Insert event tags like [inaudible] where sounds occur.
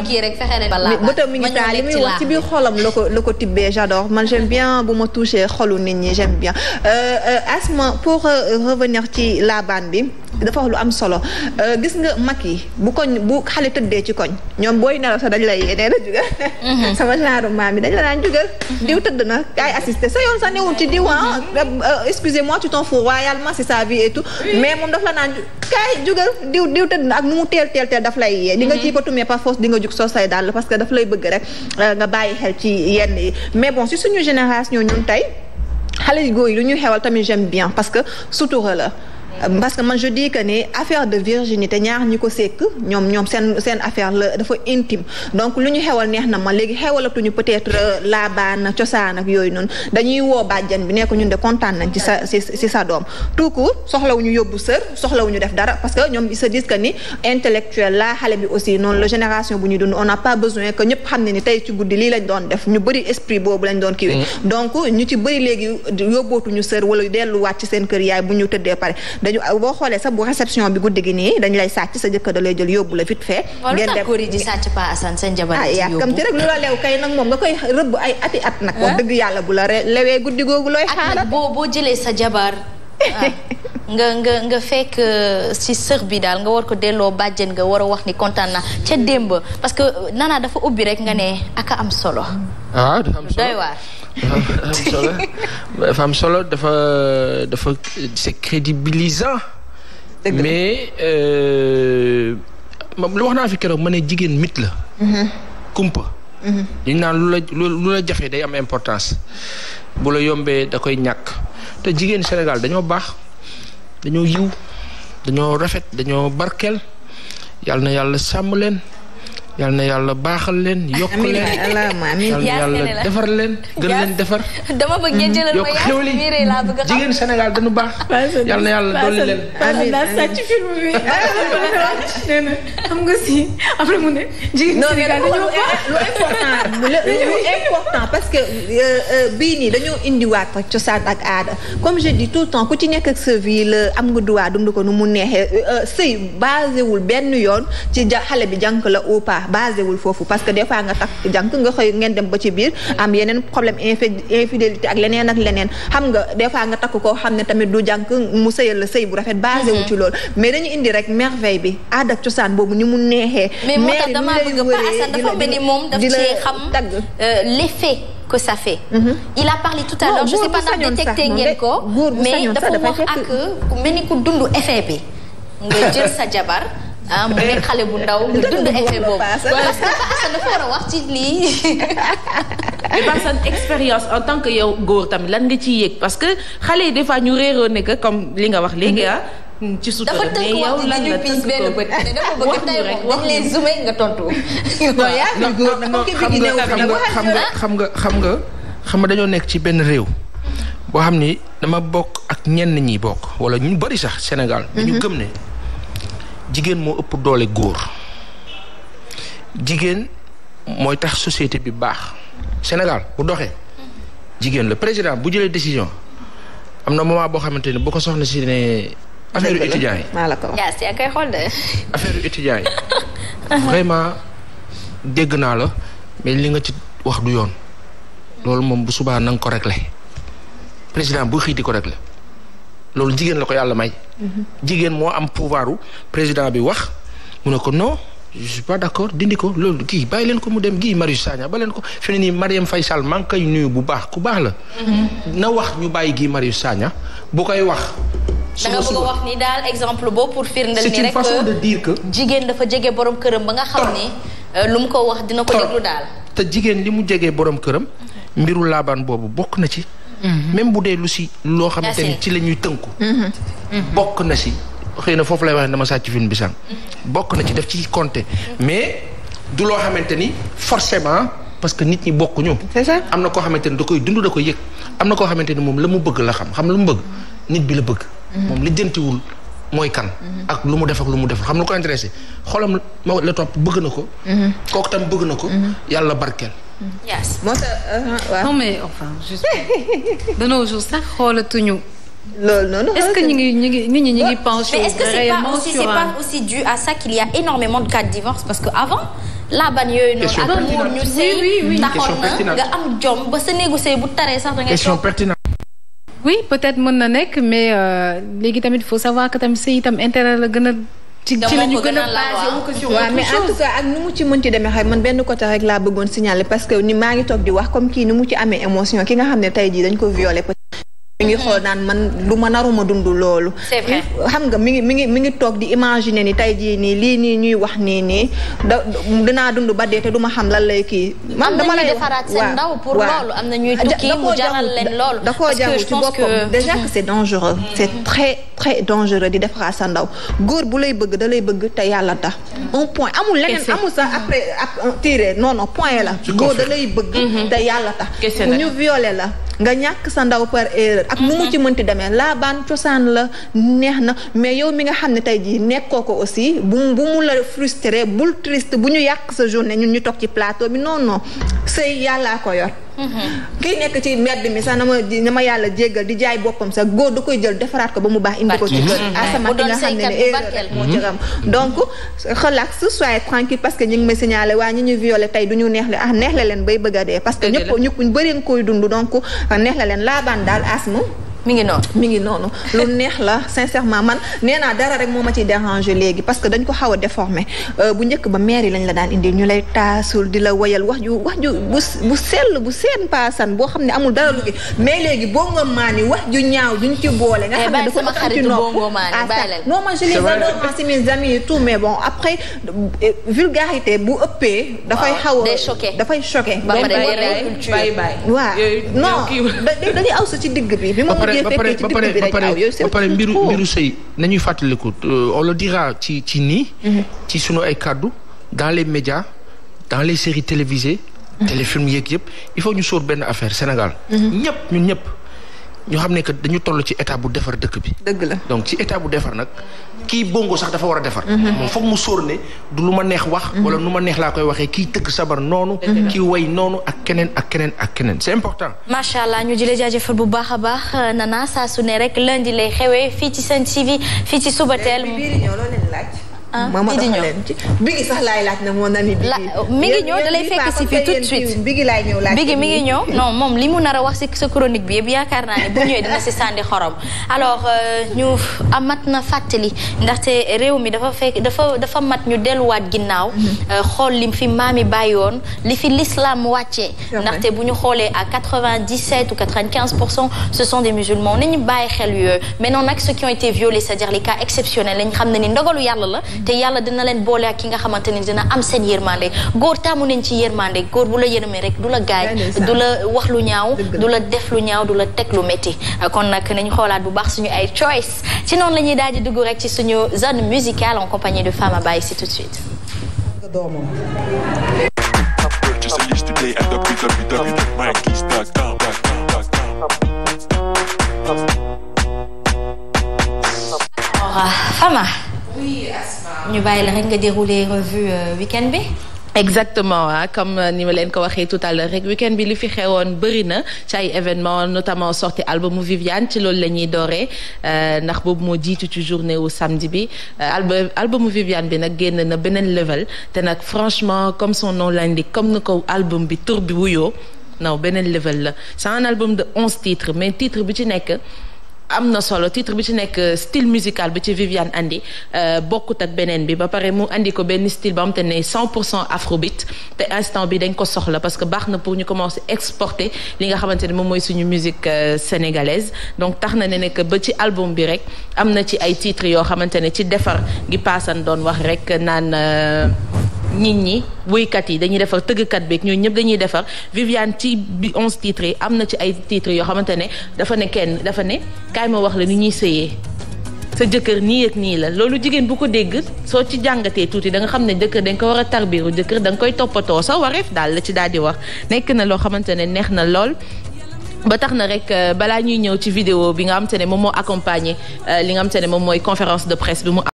koy kii rek fexe ne balaa bëtam mi ngi taa li muy wax ci biir xolam la ko la ko tibbee j'adore man j'aime bu ma touché xolu nit ñi j'aime bien euh, euh, Asma pour euh, revenir ci laabaan bi dafa wax lu am solo euh, gis nga mag yi bu koñ bu xale tëddee ci koñ ñoom booy nelaw sax dañ lay nee na jugal mhm. [laughs] sama genre maam yi dañ la daan jugal diw tëdd na kaay assisté sax yoon sax newul ci diw ah euh, excusez moi tu t'en fous sa vie et tout mais moom daf la naan kaay jugal diw diw ak mu teel teel daf lay yee di nga ciy mhm. patumee par force di nga jug soo say daal parce que daf lay bëgg rek euh, nga bàyyi xel ci yenn yi mais bon si suñu génération ñun tey xale yu góor yi lu ñuy xewal tamit j'aime bien parce que sutura la parce que man je dis que ne affaire de virginité ñaar ñi ko sekk ñoom ñoom seen seen affaire la dafa intime donc lu ñu xewal neex na ma léegi xewalatuñu peut-être euh, baana cosaan ak yooyu noonu dañuy woo bàjjan bi nekk ñun de kontaan nañ ci sa si si sa doom tout court soxlawuñu yóbbu sër soxlawuñu def dara parce que ñoom ils se disent que ni intellectuel la xale bi aussi noonu la génération bu ñuy dund on n'a pas besoin que ñëpp xam ne ni tey ci guddi lii lañ doon def ñu bëri esprit boobu lañ doon kiiwee mm. donc ñu ci bëri léegi yóbbootuñu sër wala delluwaat ci seen kër yaay bu ñu tëddee pare dañu boo xoolee sax bu réception bi guddi gi nii dañu lay sàcc sa jëkkër da lay jël yóbbu la vite fait. ngeen dem góor yi di sàcc Pa Assane seen jabar ah yàkkamti rek lu la leew kay nga koy rëbb ay ati at nag. wax ah. dëgg yàlla bu la lewee guddi googu looy xaaral boo boo jëlee sa jabar. Ah, [laughs] nga nga nga fekk ci euh, sër bi daal nga war ko delloo bàjjen nga war a wax ni kontaan na ca démb parce que nana dafa ubbi rek nga ne aka am solo. ah waar. am solo dafa [laughs] am solo dafa dafa c'est crédibilisant. mais euh, lu wax naa fi keroog ma ne jigéen mit la. Mhm. kumpa. Mhm. ñu naan lu la lu la jafe day am importance bu la yombee da koy ñàkk te jigéen Sénégal dañoo baax dañoo yiw dañoo rafet dañoo barkeel yàlla na yàlla sàmm leen. yal na yàlla baaxal leen yokk leen yal na defar leen leen defar dama bëgg ngeen jëlal ma yaa dañu baax yàlla dolli leen amiin [laughs] nga si après parce que euh, euh, bii nii dañoo indiwaat rek cosaan ak aada comme je dis tout le temps ku ci nekk ak sa am nga droit dund ko nu mu neexee euh, sëy basé benn yoon ci xale bi jànk la ou pas baax basé foofu parce que des fois nga takk jànk nga xëy ngeen dem ba ci biir am yeneen problème infidélité ak leneen ak leneen xam nga des fois nga takk koo xam ne tamit du jànk mu sëyal la sëy bu rafet basé wul ci mhm. lool mais dañu indi rek merveille bi aada ak cosaan boobu ni mu neexee mais moo tax dama bëgg moom daf ci xam euh, l'effet que ça fait. Mm a parlé tout à l'heure je sais pas ndax détecté ngeen ko mais dafa wax ak mel ni ku dund effet bi nga jël sa jabar ah mu nekk xale bu ndaw nga dund effet boobu parce que Assane dafa war a wax ci lii. Assane expérience en tant que yow góor tamit lan nga ciy yëg parce que xale yi des fois ñu réeroo ne que comme li nga wax léegi ah. ci sutura dafa tënk wax di ñu piis benn bët mais dafa bëgg tey moom dañ lay zoomé nga tontu. xam nga xam nga xam nga xam nga dañoo nekk ci benn réew. boo xam ni dama bokk ak ñenn ñi bokk wala ñu bari sax Sénégal. Mhm. ñu gëm ne. jigéen moo ëpp doole góor jigéen mooy tax société bi baax Sénégal bu doxee jigéen la président bu jëlee décision am na moment boo xamante ne bu ko soxna si ne affaire yu yi. maa la ko wax yaa [laughs] vraiment dégg naa la mais li nga ci wax du yoon. loolu moom bu subaa nang nga ko réglé président bu xiiti ko réglé. loolu jigéen la ko yàlla may. jigéen moo am pouvoir président bi wax mu ne ko non je suis pas d' accord dindi ko loolu kii bàyyi leen ko mu dem gii Marius Sagna ba leen ko fi nii Marième Faye Sall maa ngi koy nuyu bu baax ku baax la. Mhm. na wax ñu bàyyi Guy Marius saaña boo koy wax. da nga bëgg wax ni daal exemple boo pour firndeel ni rek jigéen dafa jege boroom këram ba nga xam ni. Euh, lu mu ko wax dina ko déglu daal. te jigéen li mu jege boroom këram. mbiru laabaan boobu bokk na ci. Mm-hmm. même bu dee lu si loo xamante ni ci la ñuy tënku mm-hmm. Mm-hmm. bokk na si xëy na foofu lay waxee dama sàcc film bi sànq bokk na ci def ci compter mais du loo xamante ni forcément parce que nit ñi bokkuñu c'est am na koo xamante ni da koy dund da koy yëg am na koo xamante ni moom la mu bëgg la xam xam lu mu bëgg nit bi la bëgg moom li mooy kan ak lu mu def ak lu mu def xam na ko intéressé xolam ma la topp bëgg na ko kooku tam bëgg na ko yàlla barkeel yes moo tax uh-huh, non mais enfin [laughs] de nos jours sax xoolatuñu. loolu noonu est-ce que ñu ngi ñu nit ñi ngi penché. mais est-ce que c'est pas aussi c'est à ça qu'il y a énormément de cas divorce parce que avant laaban yooyu noonu. ak muur ñu sëy taxoon na nga am jom ba sa négocier bu taree sax da ngay. oui peut-être mën na nekk mais euh, léegi tamit il faut savoir que tamit sëy itam intérêt la gën a. ci la ñu gën a waaw mais en tout cas ak nu mu ci mën ci demee xëy man benn côté rek laa bëggoon signaler parce que ni maa ngi toog di wax comme kii ni mu ci amee émotion ki nga xam ne tey jii dañ ko violé peut mi ngi mhm. xool naan man du ma naruma dund loolu. c'est vrai xam nga mi ngi mi ngi mi ngi toog di imaginer ni tey jii nii lii nii ñuy wax nii nii da dinaa dund ba dee du ma xam lan lay kii. man dama lay defaraat pour loolu am na ñuy tukki mu jaral leen loolu. da koo jàngu ci boppam déjà que c'est dangereux. Mhm. c'est très très dangereux di defaraat sa ndaw góor bu lay bëgg da lay bëgg te yàlla tax. un point amul leneen amul sax après tiré non non point la. góor da lay bëgg. Mhm. te yàlla tax ñu violé la. nga ñàkk sa ndaw par erreur ak mu mu mm-hmm. ci mënti demee laabaan cosaan la neex na mais yow mi nga xam ne tey jii nekkoo ko aussi bu bu mu la frustré bul triste bu ñu yàq sa journée ñun ñu toog ci plateau bi non non sëy yàllaa ko yor Mm-hmm. kii nekk ci mbedd mi sax na ma na ma yàlla jéggal di jaay boppam sax góor da koy jël defaraat ko ba mu baax indi ko ci kër mm-hmm. asama ki nga xam ne ne erreur rek moo ci ram mm-hmm. donc relax waa ñi ñu violé tey du ñu neex le ah neex la leen bay bëgg a dee parce que ñëpp ñu bëri nga koy dund donc neex la leen laabaan daal asma mi ngi noonu mi ngi noonu lu neex la sincèrement man nee dara rek moo ma ciy déranger léegi parce que dañ ko xaw a euh, bu njëkk ba mairie lañ la daan indi ñu lay taasul di la woyal wax ju wax ju bu bu sell bu seen paasan boo xam ne amul dara lu mais léegi bongo maani wax ju ñaaw duñ ci boole nga eh, xam ne dafa am ci noonu ah, non man je les adore c'est mes amis et tout mais bon après euh, vulgarité bu ëppee dafay xaw dafay choqué bàyyi bàyyi waaw non dañuy aw sa ci digg bi bi fekkee ci dëkk bi rek aw yooyu ba pare mbiru mbiru sëy nañuy fàttaliku euh, on le ci ci nii. Mhm. ci sunu ay kàddu dans les médias dans les séries télévisées. Mhm. téléfilm yeeg yëpp il faut ñu sóor benn affaire Sénégal. Mhm. ñëpp ñun ñëpp. ñoo xam ne que dañu toll ci état bu defar dëkk bi. dëgg la donc ci état bu defar nag kii bongo sax dafa war a defar. Mhm. moom foog mu sóor du lu ma neex wax. Mhm. wala nu ma neex laa koy waxee kii tëgg sabar noonu. kii way noonu ak keneen ak keneen ak keneen c'est important. macha allah ñu jëlee jaajëfal bu baax a baax euh, Nana saa su ne rek lundi lay xewee fii ci Sen TV fii ci Subatel. Ah, ma moo doxal leen ci bigi sax laay laaj na mon ami mi ngi ñëw da fekk si fii tout de suite bigi laay ñëw laaj bigi moom li mu nar a wax si sa chronique bi yëpp yaakaar naa ne bu ñëwee dina si sànni xorom alors euh, ñu amat na fàttali ndaxte réew mi dafa fekk dafa dafa mat ñu delluwaat ginnaaw mhm. euh, xool lim fi maami bàyyoon li fi l'islam wàccee ndaxte bu ñu xoolee à quatre-vingt-dix-sept ou quatre-vingt-quinze pour cent ce sont des musulmans nañu bàyyi xel yoo mais non nag ceux qui ont été violés cest dire les cas exceptionnels lañ xam na ni ndogalu yàlla la mhm. te yàlla dina leen boole ak ki nga xamante ni dina am seen yërmande góor tàmmu nañ ci yërmande góor bu la yërëmee rek du la gaañ du la wax lu ñaaw du la def lu ñaaw du la teg lu métti kon nag nañ xoolaat bu baax suñu ay choice ci noonu la ñuy daal di dugg rek ci suñu zone musicale en compagnie de Fama Baye c'est tout de suite ñu bàyyi la rek nga dérouler revue euh, week-end bi. exactement ah comme euh, ni ma leen ko waxee tout à l'heure rek week-end bi li fi xewoon bëri na ci ay événements notamment sorti albumu Viviane ci loolu la ñuy dooree euh, ndax boobu moo jiitu ci journée wu samedi bi album albumu Viviane bi nag génn na beneen level te nag franchement comme son nom l'indique comme na ko album bi tur bi wuyoo naw beneen level la c'est un album de onze titres mais titre bi ci nekk. am na solo titre bi ci nekk euh, style musical bi ci Viviane andi euh, bokkut ak beneen bi ba pare mu indi ko benn style ba am te ne 100 pour cent afrobeat te instant bi dañ ko soxla parce que baax na pour ñu commencer exporter li nga xamante ne moom mooy suñu musique euh, sénégalaise donc tax na ne nekk ba ci album bi rek am na ci ay titres yoo xamante ne ci defar gi paasan doon wax rek naan. nit ñi woykat yi dañuy defar tëggkat beeg ñooñu ñëpp dañuy defar Viviane ci bi onze titre yi am na ci ay titres yoo xamante ne dafa ne kenn dafa ne kaay ma wax la ni ñuy sëyee sa jëkkër nii ak nii la loolu jigéen bu ko dégg soo ci jàngatee tuuti da nga xam ne jëkkër dañ ko war a tarbiru jëkkër danga koy toppatoo sa wareef daal la ci daal di wax nekk na loo xamante ne neex na lool. ba tax na rek euh, balaa ñuy ñëw ci vidéo bi nga xam te ne moom moo accompagner euh, li nga xam te ne moom mooy conférence de presse bi mu.